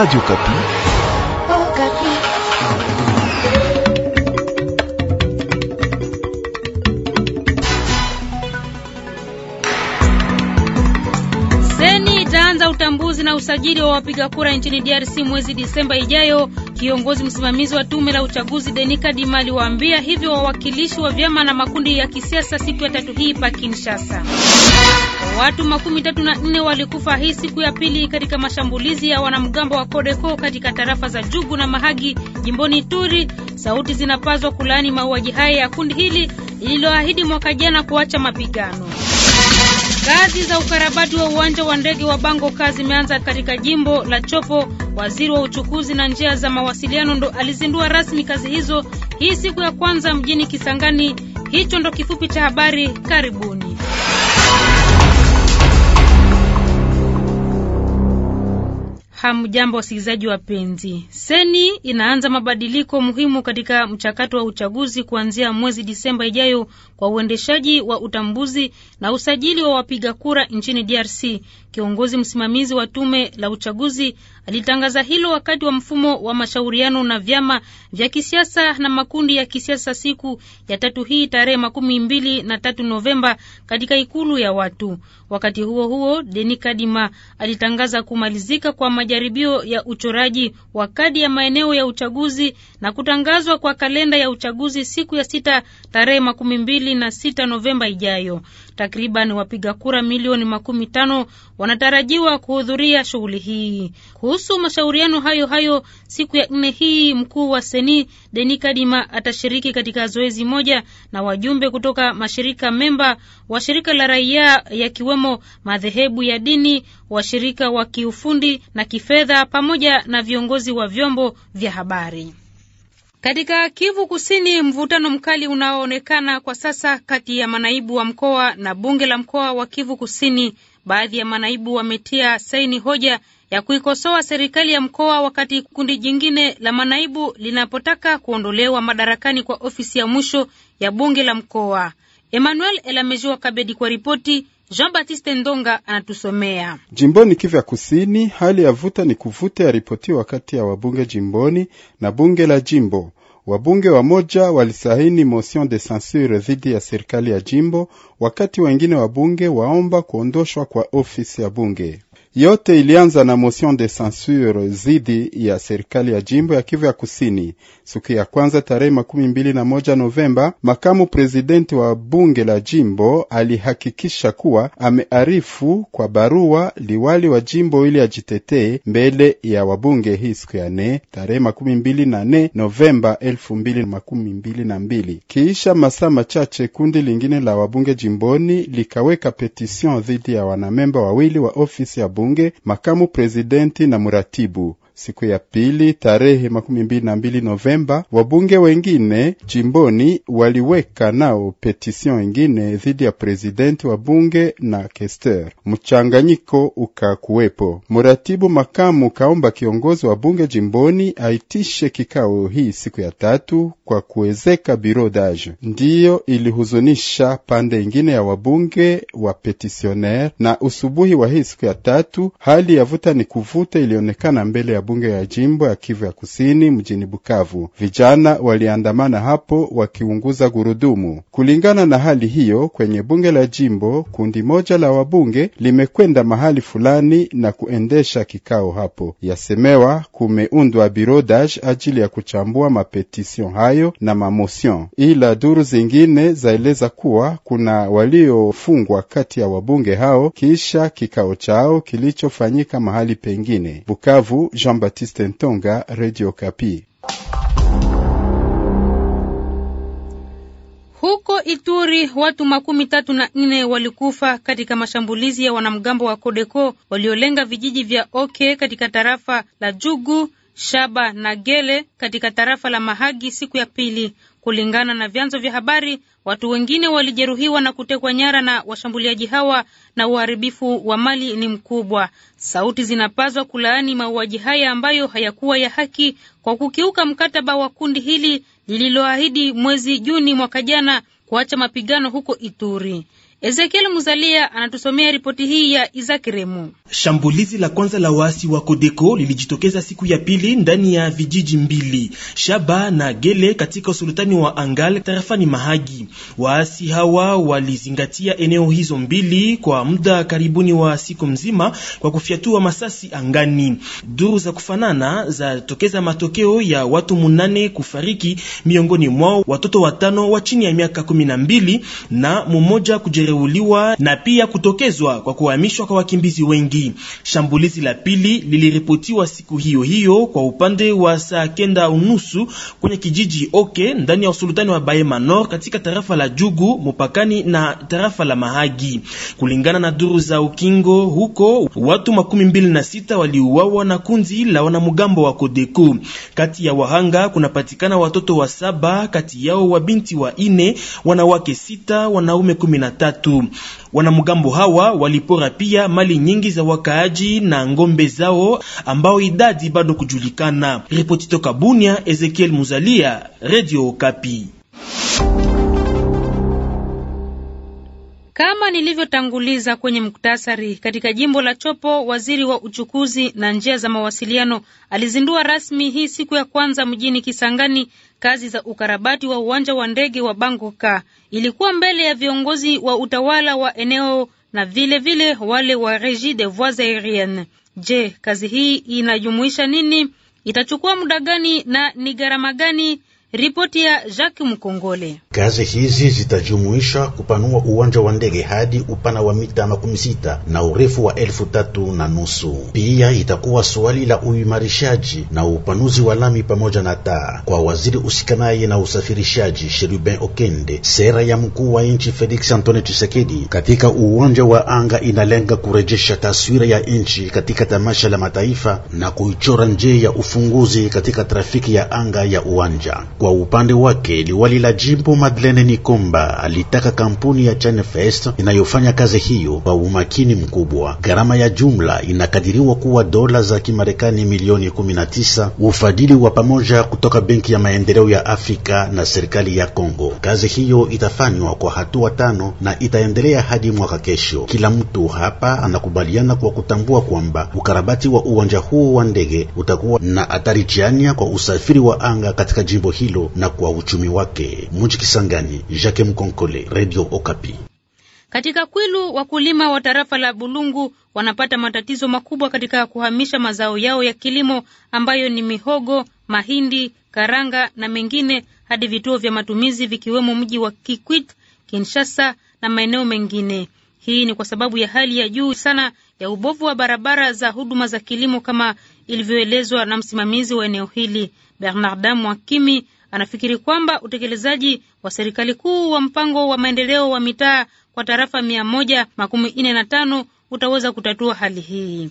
Radio Kapi. Oh, Kapi. Seni itaanza utambuzi na usajili wa wapiga kura nchini DRC mwezi Disemba ijayo. Kiongozi msimamizi wa tume la uchaguzi Denika Dimali waambia hivyo wawakilishi wa vyama na makundi ya kisiasa siku ya tatu hii pa Kinshasa. Watu makumi tatu na nne walikufa hii siku ya pili katika mashambulizi ya wanamgambo wa Kodeko katika tarafa za Jugu na Mahagi jimboni Ituri. Sauti zinapazwa kulaani mauaji haya ya kundi hili lililoahidi mwaka jana kuacha mapigano. Kazi za ukarabati wa uwanja wa ndege wa Bango Kazi zimeanza katika jimbo la Chopo. Waziri wa uchukuzi na njia za mawasiliano ndo alizindua rasmi kazi hizo hii siku ya kwanza mjini Kisangani. Hicho ndo kifupi cha habari. Karibuni. Hamjambo wasikilizaji wapenzi. Seni inaanza mabadiliko muhimu katika mchakato wa uchaguzi kuanzia mwezi Disemba ijayo kwa uendeshaji wa utambuzi na usajili wa wapiga kura nchini DRC. Kiongozi msimamizi wa tume la uchaguzi Alitangaza hilo wakati wa mfumo wa mashauriano na vyama vya kisiasa na makundi ya kisiasa siku ya tatu hii tarehe makumi mbili na tatu Novemba katika ikulu ya watu. Wakati huo huo, Deni Kadima alitangaza kumalizika kwa majaribio ya uchoraji wa kadi ya maeneo ya uchaguzi na kutangazwa kwa kalenda ya uchaguzi siku ya sita tarehe makumi mbili na sita Novemba ijayo. Takriban wapiga kura milioni makumi tano wanatarajiwa kuhudhuria shughuli hii. Kuhusu mashauriano hayo hayo, siku ya nne hii, mkuu wa Seni Deni Kadima atashiriki katika zoezi moja na wajumbe kutoka mashirika memba wa shirika la raia, yakiwemo madhehebu ya dini, washirika wa kiufundi na kifedha, pamoja na viongozi wa vyombo vya habari. Katika Kivu Kusini, mvutano mkali unaoonekana kwa sasa kati ya manaibu wa mkoa na bunge la mkoa wa Kivu Kusini. Baadhi ya manaibu wametia saini hoja ya kuikosoa serikali ya mkoa, wakati kundi jingine la manaibu linapotaka kuondolewa madarakani kwa ofisi ya mwisho ya bunge la mkoa. Emmanuel Elamejiwa Kabedi kwa ripoti Jean Baptiste Ndonga anatusomea. Jimboni Kivu ya Kusini, hali ya vuta ni kuvuta yaripotiwa kati ya wabunge jimboni na bunge la jimbo. Wabunge wa moja walisahini motion de censure dhidi ya serikali ya jimbo, wakati wengine wabunge waomba kuondoshwa kwa ofisi ya bunge. Yote ilianza na motion de censure dhidi ya serikali ya jimbo ya Kivu ya Kusini. Siku ya kwanza tarehe makumi mbili na moja Novemba, makamu prezidenti wa bunge la jimbo alihakikisha kuwa amearifu kwa barua liwali wa jimbo ili ajitetee mbele ya wabunge. Hii siku ya nne tarehe makumi mbili na nne Novemba elfu mbili makumi mbili na mbili. Kiisha masaa machache kundi lingine la wabunge jimboni likaweka petition dhidi ya wanamemba wawili wa ofisi ya bunge, makamu prezidenti na muratibu. Siku ya pili tarehe makumi mbili na mbili Novemba, wabunge wengine jimboni waliweka nao petision ingine dhidi ya prezidenti wa bunge na kester. Mchanganyiko ukakuwepo. Mratibu makamu kaomba kiongozi wa bunge jimboni aitishe kikao hii siku ya tatu kwa kuwezeka birodage. Ndiyo ilihuzunisha pande ingine ya wabunge wa petisioner, na usubuhi wa hii siku ya tatu hali ya vuta ni kuvuta ilionekana mbele ya bunge ya jimbo ya Kivu ya Kusini mjini Bukavu. Vijana waliandamana hapo wakiunguza gurudumu. Kulingana na hali hiyo, kwenye bunge la jimbo, kundi moja la wabunge limekwenda mahali fulani na kuendesha kikao hapo. Yasemewa kumeundwa birodage ajili ya kuchambua mapetisyon hayo na mamotion, ila duru zingine zaeleza kuwa kuna waliofungwa kati ya wabunge hao kisha kikao chao kilichofanyika mahali pengine Bukavu. Jean Jean Baptiste Ntonga, Radio Kapi. Huko Ituri watu makumi tatu na nne walikufa katika mashambulizi ya wanamgambo wa Kodeko waliolenga vijiji vya Oke katika tarafa la Jugu, Shaba na Gele katika tarafa la Mahagi siku ya pili. Kulingana na vyanzo vya habari, watu wengine walijeruhiwa na kutekwa nyara na washambuliaji hawa na uharibifu wa mali ni mkubwa. Sauti zinapazwa kulaani mauaji haya ambayo hayakuwa ya haki kwa kukiuka mkataba wa kundi hili lililoahidi mwezi Juni mwaka jana kuacha mapigano huko Ituri. Ezekiel Muzalia anatusomea ripoti hii ya Izaki Remu. Shambulizi la kwanza la waasi wa Kodeko lilijitokeza siku ya pili ndani ya vijiji mbili Shaba na Gele katika usultani wa Angal tarafani Mahagi. Waasi hawa walizingatia eneo hizo mbili kwa muda karibuni wa siku mzima kwa kufyatua masasi angani. Duru za kufanana zatokeza matokeo ya watu munane kufariki, miongoni mwao watoto watano wa chini ya miaka kumi na mbili na mmoja kujeruhiwa kuteuliwa na pia kutokezwa kwa kuhamishwa kwa wakimbizi wengi. Shambulizi la pili liliripotiwa siku hiyo hiyo kwa upande wa saa kenda unusu kwenye kijiji Oke ndani ya usultani wa Bahema Nord katika tarafa la Jugu mupakani na tarafa la Mahagi. Kulingana na duru za ukingo huko, watu makumi mbili na sita waliuawa na kundi la wanamugambo wa Kodeko. Kati ya wahanga kunapatikana watoto wa saba, kati yao wabinti wa ine, wanawake sita, wanaume kumi na tatu tatu. Wanamgambo hawa walipora pia mali nyingi za wakaaji na ngombe zao ambao idadi bado kujulikana. Ripoti toka Bunia, Ezekiel Muzalia, Radio Kapi. Kama nilivyotanguliza kwenye muktasari, katika jimbo la Chopo, waziri wa uchukuzi na njia za mawasiliano alizindua rasmi hii siku ya kwanza mjini Kisangani kazi za ukarabati wa uwanja wa ndege wa Bangoka. Ilikuwa mbele ya viongozi wa utawala wa eneo na vilevile vile wale wa Regie des Voies Aeriennes. Je, kazi hii inajumuisha nini? Itachukua muda gani na ni gharama gani? Ripoti ya Jacques Mkongole. Kazi hizi zitajumuisha kupanua uwanja wa ndege hadi upana wa mita makumi sita na urefu wa elfu tatu na nusu. Pia itakuwa swali la uimarishaji na upanuzi wa lami pamoja na taa. Kwa waziri usikanaye na usafirishaji Sherubin Okende, sera ya mkuu wa nchi Felix Antoine Tshisekedi katika uwanja wa anga inalenga kurejesha taswira ya nchi katika tamasha la mataifa na kuichora nje ya ufunguzi katika trafiki ya anga ya uwanja kwa upande wake liwali la jimbo Madlene Nikomba alitaka kampuni ya Chanefest inayofanya kazi hiyo kwa umakini mkubwa. Gharama ya jumla inakadiriwa kuwa dola za Kimarekani milioni 19, ufadhili wa pamoja kutoka Benki ya Maendeleo ya Afrika na serikali ya Kongo. Kazi hiyo itafanywa kwa hatua tano na itaendelea hadi mwaka kesho. Kila mtu hapa anakubaliana kwa kutambua kwamba ukarabati wa uwanja huo wa ndege utakuwa na athari chanya kwa usafiri wa anga katika jimbo hili hilo na kwa uchumi wake. Mji Kisangani, Jacques Mkonkole, Radio Okapi. Katika Kwilu wakulima wa tarafa la Bulungu wanapata matatizo makubwa katika kuhamisha mazao yao ya kilimo ambayo ni mihogo, mahindi, karanga na mengine hadi vituo vya matumizi vikiwemo mji wa Kikwit, Kinshasa na maeneo mengine. Hii ni kwa sababu ya hali ya juu sana ya ubovu wa barabara za huduma za kilimo kama ilivyoelezwa na msimamizi wa eneo hili Bernarda Mwakimi anafikiri kwamba utekelezaji wa serikali kuu wa mpango wa maendeleo wa mitaa kwa tarafa mia moja makumi nne na tano utaweza kutatua hali hii.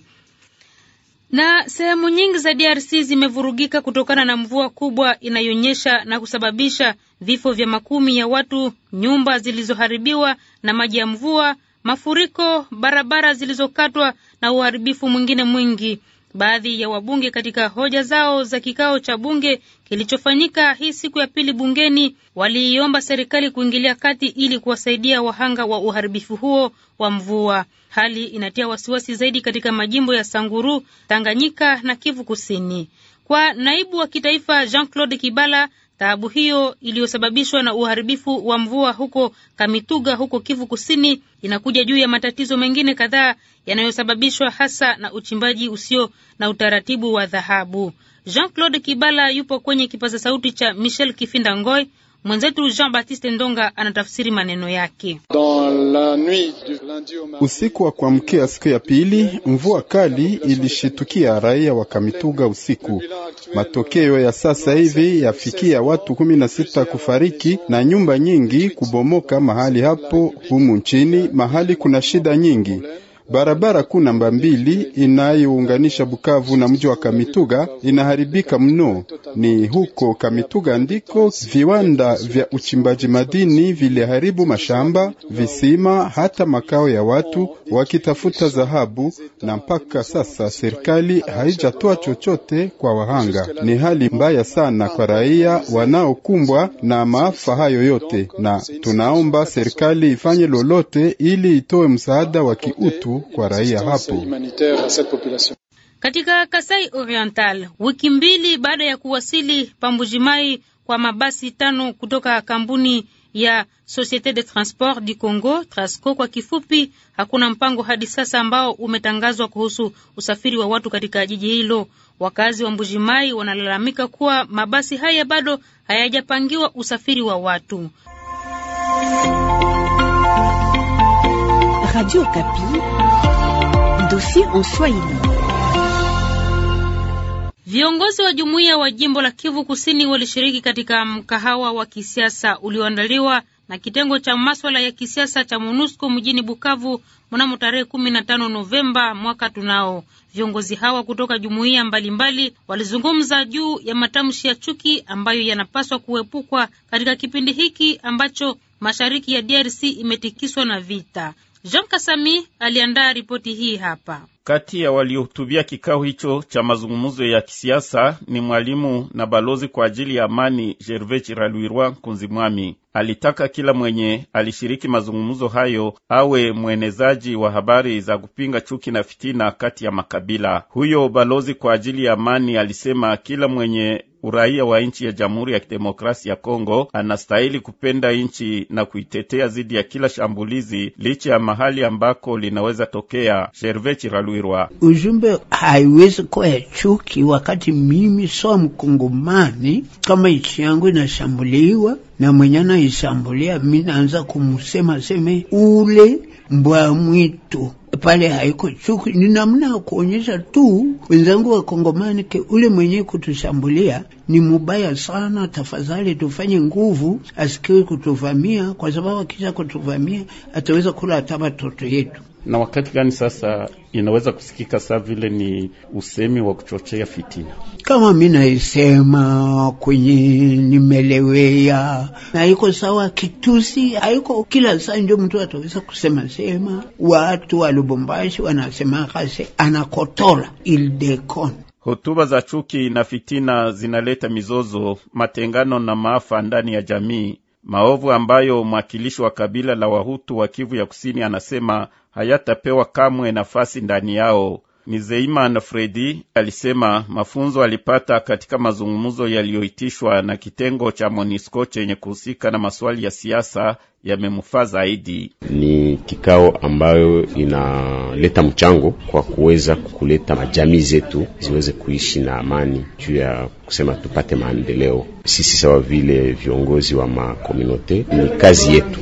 Na sehemu nyingi za DRC zimevurugika kutokana na mvua kubwa inayonyesha na kusababisha vifo vya makumi ya watu, nyumba zilizoharibiwa na maji ya mvua, mafuriko, barabara zilizokatwa na uharibifu mwingine mwingi. Baadhi ya wabunge katika hoja zao za kikao cha bunge kilichofanyika hii siku ya pili bungeni waliiomba serikali kuingilia kati ili kuwasaidia wahanga wa uharibifu huo wa mvua. Hali inatia wasiwasi zaidi katika majimbo ya Sanguru, Tanganyika na Kivu Kusini. Kwa naibu wa kitaifa Jean Claude Kibala, Taabu hiyo iliyosababishwa na uharibifu wa mvua huko Kamituga huko Kivu Kusini inakuja juu ya matatizo mengine kadhaa yanayosababishwa hasa na uchimbaji usio na utaratibu wa dhahabu. Jean-Claude Kibala yupo kwenye kipaza sauti cha Michel Kifinda Ngoy Mwenzetu Jean Baptiste Ndonga anatafsiri maneno yake. Usiku wa kuamkia siku ya pili, mvua kali ilishitukia raia wa Kamituga usiku. Matokeo ya sasa hivi yafikia watu kumi na sita kufariki na nyumba nyingi kubomoka mahali hapo humu nchini, mahali kuna shida nyingi Barabara kuu namba mbili inayounganisha Bukavu na mji wa Kamituga inaharibika mno. Ni huko Kamituga ndiko viwanda vya uchimbaji madini viliharibu mashamba, visima, hata makao ya watu wakitafuta dhahabu, na mpaka sasa serikali haijatoa chochote kwa wahanga. Ni hali mbaya sana kwa raia wanaokumbwa na maafa hayo yote, na tunaomba serikali ifanye lolote ili itoe msaada wa kiutu kwa raia hapo. Katika Kasai Oriental, wiki mbili baada ya kuwasili Pambujimai kwa mabasi tano kutoka kampuni ya Societe de Transport du Congo Trasco kwa kifupi, hakuna mpango hadi sasa ambao umetangazwa kuhusu usafiri wa watu katika jiji hilo. Wakazi wa Mbujimai wanalalamika kuwa mabasi haya bado hayajapangiwa usafiri wa watu. Radio Kapi, dossier en Swahili. Viongozi wa jumuiya wa jimbo la Kivu Kusini walishiriki katika mkahawa wa kisiasa ulioandaliwa na kitengo cha maswala ya kisiasa cha MONUSCO mjini Bukavu mnamo tarehe 15 Novemba mwaka tunao. Viongozi hawa kutoka jumuiya mbalimbali walizungumza juu ya matamshi ya chuki ambayo yanapaswa kuepukwa katika kipindi hiki ambacho mashariki ya DRC imetikiswa na vita. Jean Kasami aliandaa ripoti hii hapa. Kati ya waliohutubia kikao hicho cha mazungumzo ya kisiasa ni mwalimu na balozi kwa ajili ya amani Gervais Chiralwirwa mwami Alitaka kila mwenye alishiriki mazungumzo hayo awe mwenezaji wa habari za kupinga chuki na fitina kati ya makabila. Huyo balozi kwa ajili ya amani alisema kila mwenye uraia wa nchi ya Jamhuri ya Kidemokrasia ya Kongo anastahili kupenda nchi na kuitetea dhidi ya kila shambulizi, licha ya mahali ambako linaweza tokea. Sherve Chiralwirwa: ujumbe haiwezi kuwa ya chuki, wakati mimi soa Mkongomani, kama nchi yangu inashambuliwa na mwenye anaishambulia, mi naanza kumsema seme ule mbwa mwitu pale haiko chuki, ni namna ya kuonyesha tu wenzangu wa Kongomani ke ule mwenyewe kutushambulia ni mubaya sana. Tafadhali tufanye nguvu asikiwe kutuvamia, kwa sababu akisha kutuvamia ataweza kula hata watoto yetu na wakati gani sasa inaweza kusikika saa vile ni usemi wa kuchochea fitina? Kama mi naisema kwenye nimelewea, haiko sawa kitusi, haiko kila saa ndio mtu ataweza kusema sema. Watu wa Lubumbashi wanasema kase anakotola ildekon Hotuba za chuki na fitina zinaleta mizozo, matengano na maafa ndani ya jamii maovu ambayo mwakilishi wa kabila la Wahutu wa Kivu ya Kusini anasema hayatapewa kamwe nafasi ndani yao. nizeiman Fredi alisema mafunzo alipata katika mazungumzo yaliyoitishwa na kitengo cha MONUSCO chenye kuhusika na maswali ya siasa yamemfaa zaidi. Ni kikao ambayo inaleta mchango kwa kuweza kuleta majamii zetu ziweze kuishi na amani, juu ya kusema tupate maendeleo. Sisi sawa vile viongozi wa makomunote, ni kazi yetu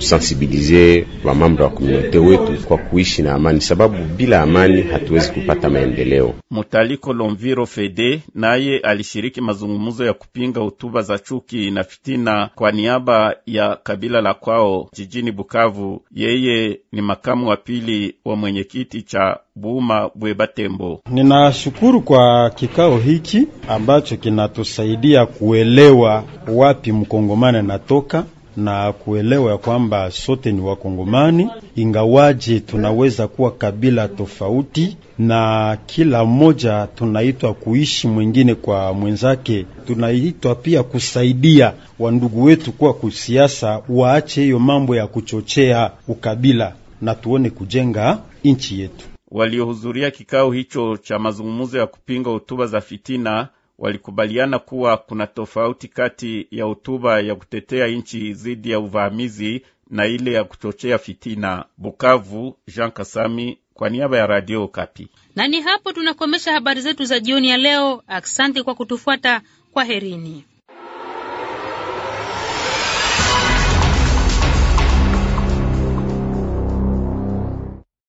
tusensibilize wamamra wa komunote wetu kwa kuishi na amani, sababu bila amani hatuwezi kupata maendeleo. Mutaliko Lomviro Fede naye alishiriki mazungumzo ya kupinga hotuba za chuki na fitina kwa niaba ya kabila kabila la kwao jijini Bukavu. Yeye ni makamu wa pili wa mwenyekiti cha Buma Bwebatembo. Ninashukuru kwa kikao hiki ambacho kinatusaidia kuelewa wapi mkongomani anatoka na kuelewa ya kwamba sote ni Wakongomani, ingawaje tunaweza kuwa kabila tofauti na kila mmoja tunaitwa kuishi mwingine kwa mwenzake, tunaitwa pia kusaidia wandugu wetu kuwa kusiasa, waache hiyo mambo ya kuchochea ukabila na tuone kujenga nchi yetu. Waliohudhuria kikao hicho cha mazungumzo ya kupinga hotuba za fitina walikubaliana kuwa kuna tofauti kati ya hotuba ya kutetea nchi dhidi ya uvamizi na ile ya kuchochea fitina. Bukavu, Jean Kasami kwa niaba ya Radio kapi Na ni hapo tunakomesha habari zetu za jioni ya leo. Asante kwa kutufuata, kwa herini